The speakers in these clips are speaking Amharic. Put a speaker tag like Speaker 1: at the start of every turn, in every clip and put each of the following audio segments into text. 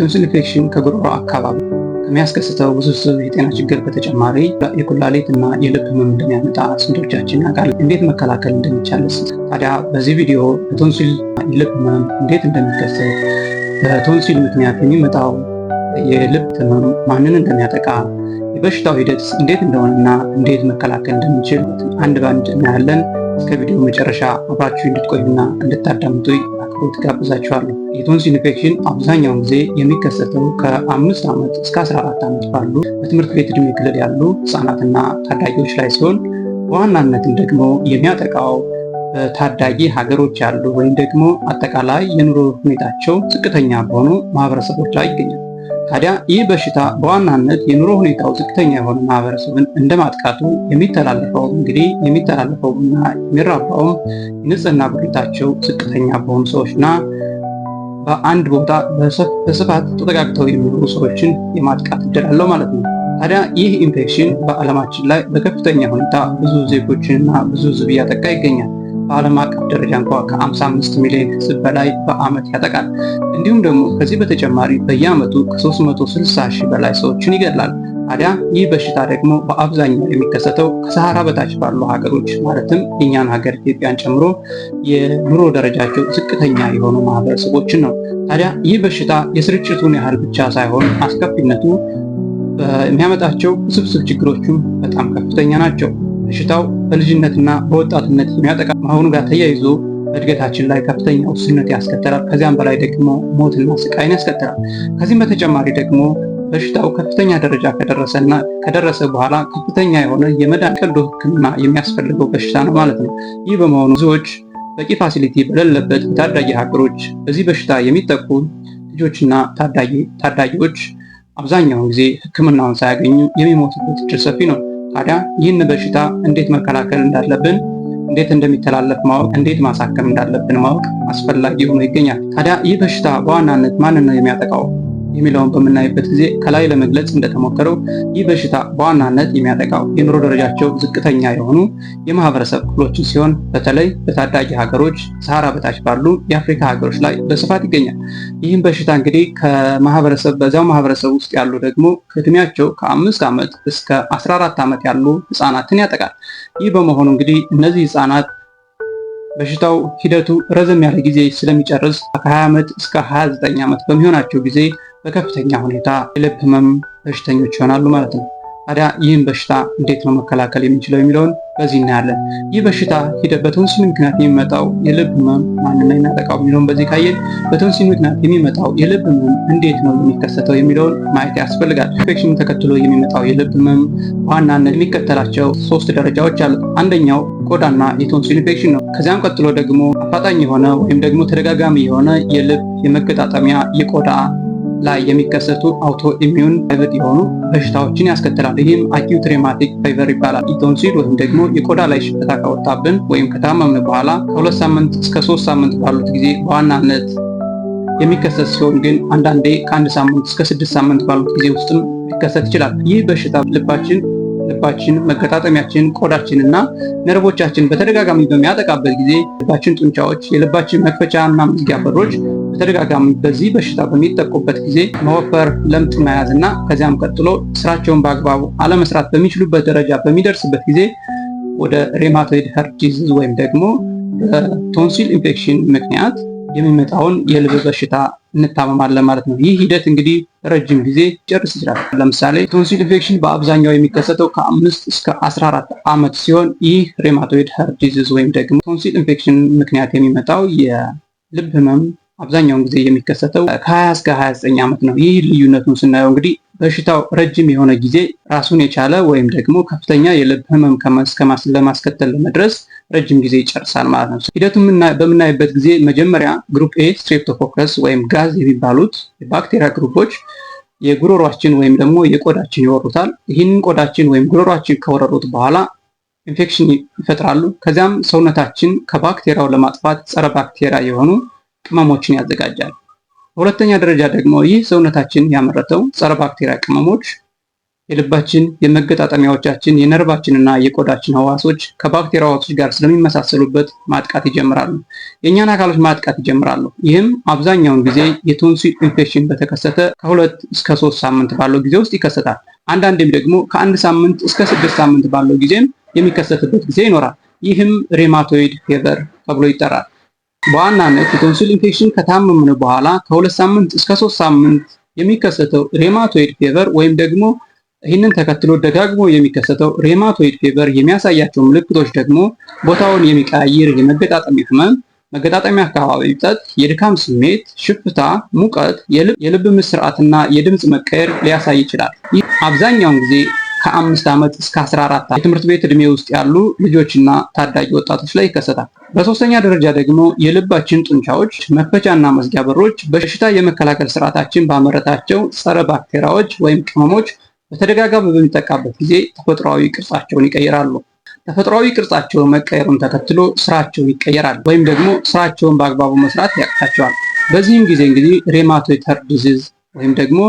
Speaker 1: ቶንሲል ኢንፌክሽን ከጉሮሮ አካባቢ ከሚያስከስተው ውስብስብ የጤና ችግር በተጨማሪ የኩላሊት እና የልብ ህመም እንደሚያመጣ ስንቶቻችን ያውቃል? እንዴት መከላከል እንደሚቻለስ? ታዲያ በዚህ ቪዲዮ በቶንሲል የልብ ህመም እንዴት እንደሚከሰት፣ በቶንሲል ምክንያት የሚመጣው የልብ ህመም ማንን እንደሚያጠቃ፣ የበሽታው ሂደት እንዴት እንደሆነና እንዴት መከላከል እንደሚችል አንድ ባንድ እናያለን። እስከ ቪዲዮ መጨረሻ አብራችሁ እንድትቆዩና እንድታዳምጡ እንድትሞክሩት ጋብዛችኋለሁ። የቶንስ ኢንፌክሽን አብዛኛውን ጊዜ የሚከሰተው ከአምስት ዓመት እስከ 14 ዓመት ባሉ በትምህርት ቤት እድሜ ክልል ያሉ ህፃናትና ታዳጊዎች ላይ ሲሆን በዋናነትም ደግሞ የሚያጠቃው በታዳጊ ሀገሮች ያሉ ወይም ደግሞ አጠቃላይ የኑሮ ሁኔታቸው ዝቅተኛ በሆኑ ማህበረሰቦች ላይ ይገኛል። ታዲያ ይህ በሽታ በዋናነት የኑሮ ሁኔታው ዝቅተኛ የሆነ ማህበረሰብን እንደማጥቃቱ የሚተላለፈው እንግዲህ የሚተላለፈውና የሚራባውም የንጽህና ብቃታቸው ዝቅተኛ በሆኑ ሰዎችና በአንድ ቦታ በስፋት ተጠጋግተው የሚኖሩ ሰዎችን የማጥቃት እድል አለው ማለት ነው። ታዲያ ይህ ኢንፌክሽን በዓለማችን ላይ በከፍተኛ ሁኔታ ብዙ ዜጎችንና ብዙ ህዝብ እያጠቃ ይገኛል። በዓለም አቀፍ ደረጃ እንኳ ከ55 ሚሊዮን ህዝብ በላይ በዓመት ያጠቃል። እንዲሁም ደግሞ ከዚህ በተጨማሪ በየዓመቱ ከ360 ሺህ በላይ ሰዎችን ይገድላል። ታዲያ ይህ በሽታ ደግሞ በአብዛኛው የሚከሰተው ከሰሃራ በታች ባሉ ሀገሮች ማለትም የእኛን ሀገር ኢትዮጵያን ጨምሮ የኑሮ ደረጃቸው ዝቅተኛ የሆኑ ማህበረሰቦችን ነው። ታዲያ ይህ በሽታ የስርጭቱን ያህል ብቻ ሳይሆን አስከፊነቱ የሚያመጣቸው ውስብስብ ችግሮችም በጣም ከፍተኛ ናቸው። በሽታው በልጅነትና በወጣትነት የሚያጠቃ መሆኑ ጋር ተያይዞ እድገታችን ላይ ከፍተኛ ውስንነት ያስከተላል። ከዚያም በላይ ደግሞ ሞትና ስቃይን ያስከተላል። ከዚህም በተጨማሪ ደግሞ በሽታው ከፍተኛ ደረጃ ከደረሰና ከደረሰ በኋላ ከፍተኛ የሆነ የመዳን ቀዶ ሕክምና የሚያስፈልገው በሽታ ነው ማለት ነው። ይህ በመሆኑ ብዙዎች በቂ ፋሲሊቲ በሌለበት የታዳጊ ሀገሮች በዚህ በሽታ የሚጠቁ ልጆችና ታዳጊዎች አብዛኛውን ጊዜ ሕክምናውን ሳያገኙ የሚሞቱበት እድል ሰፊ ነው። ታዲያ ይህን በሽታ እንዴት መከላከል እንዳለብን እንዴት እንደሚተላለፍ ማወቅ፣ እንዴት ማሳከም እንዳለብን ማወቅ አስፈላጊ ሆኖ ይገኛል። ታዲያ ይህ በሽታ በዋናነት ማንን ነው የሚያጠቃው? የሚለውን በምናይበት ጊዜ ከላይ ለመግለጽ እንደተሞከረው ይህ በሽታ በዋናነት የሚያጠቃው የኑሮ ደረጃቸው ዝቅተኛ የሆኑ የማህበረሰብ ክፍሎችን ሲሆን በተለይ በታዳጊ ሀገሮች፣ ሰሃራ በታች ባሉ የአፍሪካ ሀገሮች ላይ በስፋት ይገኛል። ይህም በሽታ እንግዲህ ከማህበረሰብ በዚያው ማህበረሰብ ውስጥ ያሉ ደግሞ ከእድሜያቸው ከአምስት ዓመት እስከ 14 ዓመት ያሉ ህፃናትን ያጠቃል። ይህ በመሆኑ እንግዲህ እነዚህ ህፃናት በሽታው ሂደቱ ረዘም ያለ ጊዜ ስለሚጨርስ ከ20 ዓመት እስከ 29 ዓመት በሚሆናቸው ጊዜ በከፍተኛ ሁኔታ የልብ ህመም በሽተኞች ይሆናሉ ማለት ነው። ታዲያ ይህን በሽታ እንዴት ነው መከላከል የምንችለው የሚለውን በዚህ እናያለን። ይህ በሽታ በቶንሲል ምክንያት የሚመጣው የልብ ህመም ማንን ነው የሚያጠቃው የሚለውን በዚህ ካየን፣ በቶንሲል ምክንያት የሚመጣው የልብ ህመም እንዴት ነው የሚከሰተው የሚለውን ማየት ያስፈልጋል። ኢንፌክሽን ተከትሎ የሚመጣው የልብ ህመም በዋናነት የሚከተላቸው ሶስት ደረጃዎች አሉት። አንደኛው ቆዳና የቶንሲል ኢንፌክሽን ነው። ከዚያም ቀጥሎ ደግሞ አፋጣኝ የሆነ ወይም ደግሞ ተደጋጋሚ የሆነ የልብ የመገጣጠሚያ የቆዳ ላይ የሚከሰቱ አውቶ ኢሚዩን ቫይቨት የሆኑ በሽታዎችን ያስከትላል። ይህም አኪዩት ሬማቲክ ፋይቨር ይባላል። ኢቶንሲል ወይም ደግሞ የቆዳ ላይ ሽፍታ ካወጣብን ወይም ከታመምን በኋላ ከሁለት ሳምንት እስከ ሶስት ሳምንት ባሉት ጊዜ በዋናነት የሚከሰት ሲሆን ግን አንዳንዴ ከአንድ ሳምንት እስከ ስድስት ሳምንት ባሉት ጊዜ ውስጥም ሊከሰት ይችላል። ይህ በሽታ ልባችን ልባችን መገጣጠሚያችን፣ ቆዳችን እና ነርቦቻችን በተደጋጋሚ በሚያጠቃበት ጊዜ ልባችን ጡንቻዎች፣ የልባችን መክፈቻ እና መዝጊያ በሮች በተደጋጋሚ በዚህ በሽታ በሚጠቁበት ጊዜ መወፈር፣ ለምጥ መያዝ እና ከዚያም ቀጥሎ ስራቸውን በአግባቡ አለመስራት በሚችሉበት ደረጃ በሚደርስበት ጊዜ ወደ ሬማቶይድ ሄርድ ዲዚዝ ወይም ደግሞ በቶንሲል ኢንፌክሽን ምክንያት የሚመጣውን የልብ በሽታ እንታመማለን ማለት ነው። ይህ ሂደት እንግዲህ ረጅም ጊዜ ጨርስ ይችላል። ለምሳሌ ቶንሲል ኢንፌክሽን በአብዛኛው የሚከሰተው ከአምስት እስከ 14 ዓመት ሲሆን ይህ ሬማቶይድ ሄርድ ዲዚዝ ወይም ደግሞ ቶንሲል ኢንፌክሽን ምክንያት የሚመጣው የልብ ህመም አብዛኛውን ጊዜ የሚከሰተው ከ20 እስከ 29 ዓመት ነው። ይህ ልዩነቱን ስናየው እንግዲህ በሽታው ረጅም የሆነ ጊዜ ራሱን የቻለ ወይም ደግሞ ከፍተኛ የልብ ህመም ለማስከተል ለመድረስ ረጅም ጊዜ ይጨርሳል ማለት ነው። ሂደቱን በምናይበት ጊዜ መጀመሪያ ግሩፕ ኤ ስትሬፕቶኮከስ ወይም ጋዝ የሚባሉት የባክቴሪያ ግሩፖች የጉሮሯችን ወይም ደግሞ የቆዳችን ይወሩታል። ይህንን ቆዳችን ወይም ጉሮሯችን ከወረሩት በኋላ ኢንፌክሽን ይፈጥራሉ። ከዚያም ሰውነታችን ከባክቴሪያው ለማጥፋት ጸረ ባክቴሪያ የሆኑ ቅመሞችን ያዘጋጃል። በሁለተኛ ደረጃ ደግሞ ይህ ሰውነታችን ያመረተው ጸረ ባክቴሪያ ቅመሞች የልባችን፣ የመገጣጠሚያዎቻችን፣ የነርቫችንና የቆዳችን ህዋሶች ከባክቴሪያዎች ጋር ስለሚመሳሰሉበት ማጥቃት ይጀምራሉ። የእኛን አካሎች ማጥቃት ይጀምራሉ። ይህም አብዛኛውን ጊዜ የቶንሲል ኢንፌክሽን በተከሰተ ከሁለት እስከ ሶስት ሳምንት ባለው ጊዜ ውስጥ ይከሰታል። አንዳንዴም ደግሞ ከአንድ ሳምንት እስከ ስድስት ሳምንት ባለው ጊዜም የሚከሰትበት ጊዜ ይኖራል። ይህም ሬማቶይድ ፌቨር ተብሎ ይጠራል። በዋናነት የቶንሲል ኢንፌክሽን ከታመምን በኋላ ከሁለት ሳምንት እስከ ሶስት ሳምንት የሚከሰተው ሬማቶይድ ፌቨር ወይም ደግሞ ይህንን ተከትሎ ደጋግሞ የሚከሰተው ሬማቶይድ ፌቨር የሚያሳያቸው ምልክቶች ደግሞ ቦታውን የሚቀያይር የመገጣጠሚያ ህመም፣ መገጣጠሚያ አካባቢ እብጠት፣ የድካም ስሜት፣ ሽፍታ፣ ሙቀት፣ የልብ ምት ስርዓትና የድምፅ መቀየር ሊያሳይ ይችላል። ይህ አብዛኛውን ጊዜ ከአምስት ዓመት እስከ 14 የትምህርት ቤት ዕድሜ ውስጥ ያሉ ልጆችና ታዳጊ ወጣቶች ላይ ይከሰታል። በሶስተኛ ደረጃ ደግሞ የልባችን ጡንቻዎች፣ መክፈቻና መዝጊያ በሮች በሽታ የመከላከል ስርዓታችን ባመረታቸው ጸረ ባክቴሪያዎች ወይም ቅመሞች በተደጋጋሚ በሚጠቃበት ጊዜ ተፈጥሯዊ ቅርጻቸውን ይቀይራሉ። ተፈጥሯዊ ቅርጻቸውን መቀየሩን ተከትሎ ስራቸውን ይቀየራል፣ ወይም ደግሞ ስራቸውን በአግባቡ መስራት ያቅታቸዋል። በዚህም ጊዜ እንግዲህ ሬማቶይተር ዲዚዝ ወይም ደግሞ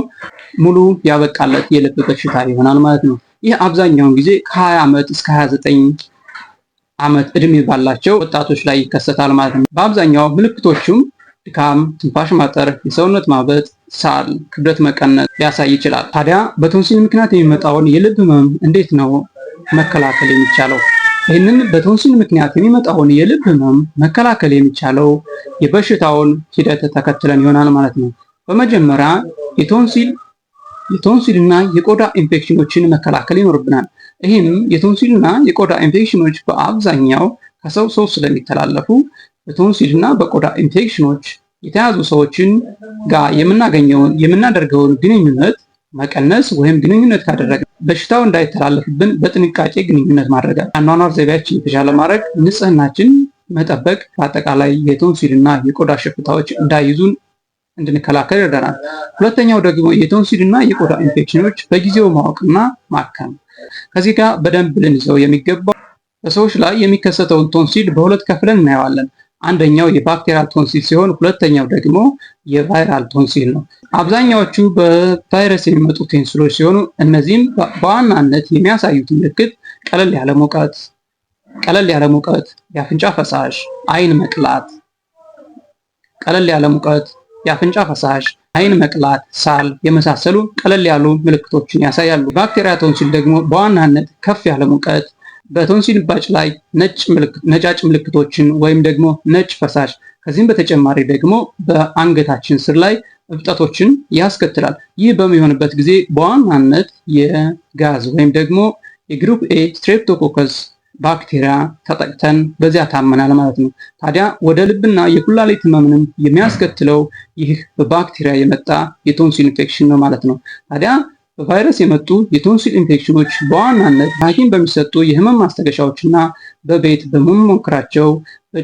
Speaker 1: ሙሉ ያበቃለት የልብ በሽታ ይሆናል ማለት ነው። ይህ አብዛኛውን ጊዜ ከ20 ዓመት እስከ 29 ዓመት እድሜ ባላቸው ወጣቶች ላይ ይከሰታል ማለት ነው። በአብዛኛው ምልክቶቹም ድካም፣ ትንፋሽ ማጠር፣ የሰውነት ማበጥ፣ ሳል፣ ክብደት መቀነስ ሊያሳይ ይችላል። ታዲያ በቶንሲል ምክንያት የሚመጣውን የልብ ህመም እንዴት ነው መከላከል የሚቻለው? ይህንን በቶንሲል ምክንያት የሚመጣውን የልብ ህመም መከላከል የሚቻለው የበሽታውን ሂደት ተከትለን ይሆናል ማለት ነው። በመጀመሪያ የቶንሲል የቶንሲልና የቆዳ ኢንፌክሽኖችን መከላከል ይኖርብናል። ይህም የቶንሲልና የቆዳ ኢንፌክሽኖች በአብዛኛው ከሰው ሰው ስለሚተላለፉ በቶንሲልና በቆዳ ኢንፌክሽኖች የተያዙ ሰዎችን ጋር የምናገኘውን የምናደርገውን ግንኙነት መቀነስ ወይም ግንኙነት ካደረገ በሽታው እንዳይተላለፍብን በጥንቃቄ ግንኙነት ማድረግ፣ አኗኗር ዘይቤያችን የተሻለ ማድረግ፣ ንጽህናችን መጠበቅ፣ በአጠቃላይ የቶንሲልና የቆዳ ሽፍታዎች እንዳይዙን እንድንከላከል ይረዳናል። ሁለተኛው ደግሞ የቶንሲልና የቆዳ ኢንፌክሽኖች በጊዜው ማወቅና ማከም። ከዚህ ጋር በደንብ ልንይዘው የሚገባው በሰዎች ላይ የሚከሰተውን ቶንሲል በሁለት ከፍለን እናየዋለን። አንደኛው የባክቴሪያል ቶንሲል ሲሆን ሁለተኛው ደግሞ የቫይራል ቶንሲል ነው። አብዛኛዎቹ በቫይረስ የሚመጡ ቶንሲሎች ሲሆኑ እነዚህም በዋናነት የሚያሳዩት ምልክት ቀለል ያለ ሙቀት፣ ቀለል ያለ ሙቀት፣ የአፍንጫ ፈሳሽ፣ አይን መቅላት፣ ቀለል ያለ ሙቀት የአፍንጫ ፈሳሽ፣ አይን መቅላት፣ ሳል የመሳሰሉ ቀለል ያሉ ምልክቶችን ያሳያሉ። ባክቴሪያ ቶንሲል ደግሞ በዋናነት ከፍ ያለ ሙቀት፣ በቶንሲል ባጭ ላይ ነጫጭ ምልክቶችን ወይም ደግሞ ነጭ ፈሳሽ፣ ከዚህም በተጨማሪ ደግሞ በአንገታችን ስር ላይ እብጠቶችን ያስከትላል። ይህ በሚሆንበት ጊዜ በዋናነት የጋዝ ወይም ደግሞ የግሩፕ ኤ ስትሬፕቶኮከስ ባክቴሪያ ተጠቅተን በዚያ ታመናል ማለት ነው። ታዲያ ወደ ልብና የኩላሊት ህመምንም የሚያስከትለው ይህ በባክቴሪያ የመጣ የቶንሲል ኢንፌክሽን ነው ማለት ነው። ታዲያ በቫይረስ የመጡ የቶንሲል ኢንፌክሽኖች በዋናነት ሐኪም በሚሰጡ የህመም ማስታገሻዎችና በቤት በመሞክራቸው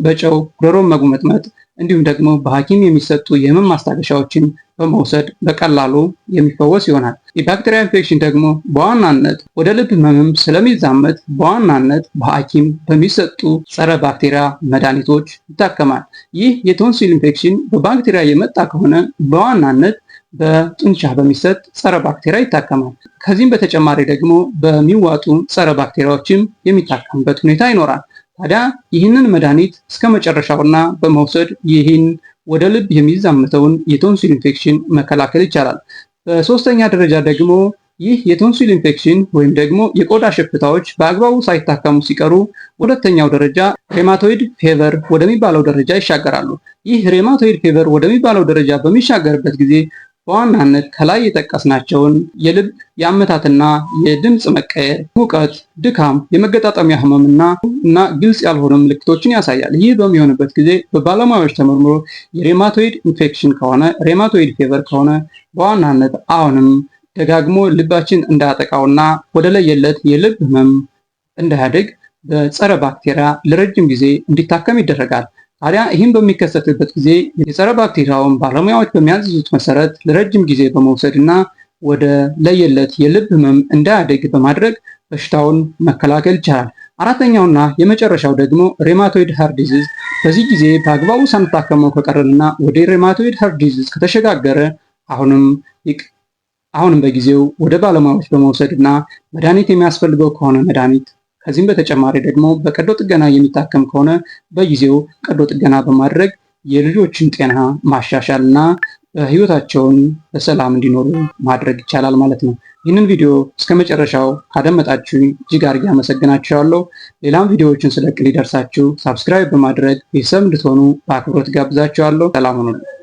Speaker 1: በጨው ጉሮሮን መጉመጥመጥ እንዲሁም ደግሞ በሐኪም የሚሰጡ የህመም ማስታገሻዎችን በመውሰድ በቀላሉ የሚፈወስ ይሆናል። የባክቴሪያ ኢንፌክሽን ደግሞ በዋናነት ወደ ልብ ህመምም ስለሚዛመት በዋናነት በሐኪም በሚሰጡ ጸረ ባክቴሪያ መድኃኒቶች ይታከማል። ይህ የቶንሲል ኢንፌክሽን በባክቴሪያ የመጣ ከሆነ በዋናነት በጡንቻ በሚሰጥ ጸረ ባክቴሪያ ይታከማል። ከዚህም በተጨማሪ ደግሞ በሚዋጡ ጸረ ባክቴሪያዎችም የሚታከምበት ሁኔታ ይኖራል። ታዲያ ይህንን መድኃኒት እስከ መጨረሻውና በመውሰድ ይህን ወደ ልብ የሚዛመተውን የቶንሲል ኢንፌክሽን መከላከል ይቻላል። በሶስተኛ ደረጃ ደግሞ ይህ የቶንሲል ኢንፌክሽን ወይም ደግሞ የቆዳ ሽፍታዎች በአግባቡ ሳይታከሙ ሲቀሩ ሁለተኛው ደረጃ ሬማቶይድ ፌቨር ወደሚባለው ደረጃ ይሻገራሉ። ይህ ሬማቶይድ ፌቨር ወደሚባለው ደረጃ በሚሻገርበት ጊዜ በዋናነት ከላይ የጠቀስናቸውን የልብ የአመታትና የድምፅ መቀየር፣ ሙቀት፣ ድካም፣ የመገጣጠሚያ ህመምና እና ግልጽ ያልሆነ ምልክቶችን ያሳያል። ይህ በሚሆንበት ጊዜ በባለሙያዎች ተመርምሮ የሬማቶይድ ኢንፌክሽን ከሆነ ሬማቶይድ ፌቨር ከሆነ በዋናነት አሁንም ደጋግሞ ልባችን እንዳያጠቃውና ወደ ለየለት የልብ ህመም እንዳያደግ በጸረ ባክቴሪያ ለረጅም ጊዜ እንዲታከም ይደረጋል። ታዲያ ይህም በሚከሰትበት ጊዜ የጸረ ባክቴሪያውን ባለሙያዎች በሚያዝዙት መሰረት ለረጅም ጊዜ በመውሰድ እና ወደ ለየለት የልብ ህመም እንዳያደግ በማድረግ በሽታውን መከላከል ይቻላል። አራተኛውና የመጨረሻው ደግሞ ሬማቶይድ ሃር በዚህ ጊዜ በአግባቡ ሳንታከመው ከቀረንና ወደ ሬማቶይድ ሃር ከተሸጋገረ አሁንም አሁንም በጊዜው ወደ ባለሙያዎች በመውሰድ እና መድኃኒት የሚያስፈልገው ከሆነ መድኃኒት ከዚህም በተጨማሪ ደግሞ በቀዶ ጥገና የሚታከም ከሆነ በጊዜው ቀዶ ጥገና በማድረግ የልጆችን ጤና ማሻሻል እና ህይወታቸውን በሰላም እንዲኖሩ ማድረግ ይቻላል ማለት ነው። ይህንን ቪዲዮ እስከ መጨረሻው ካደመጣችሁ እጅግ አድርጌ አመሰግናችኋለሁ። ሌላም ቪዲዮዎችን ስለቅ ሊደርሳችሁ ሳብስክራይብ በማድረግ ቤተሰብ እንድትሆኑ በአክብሮት ጋብዛችኋለሁ። ሰላም ሁኑልኝ።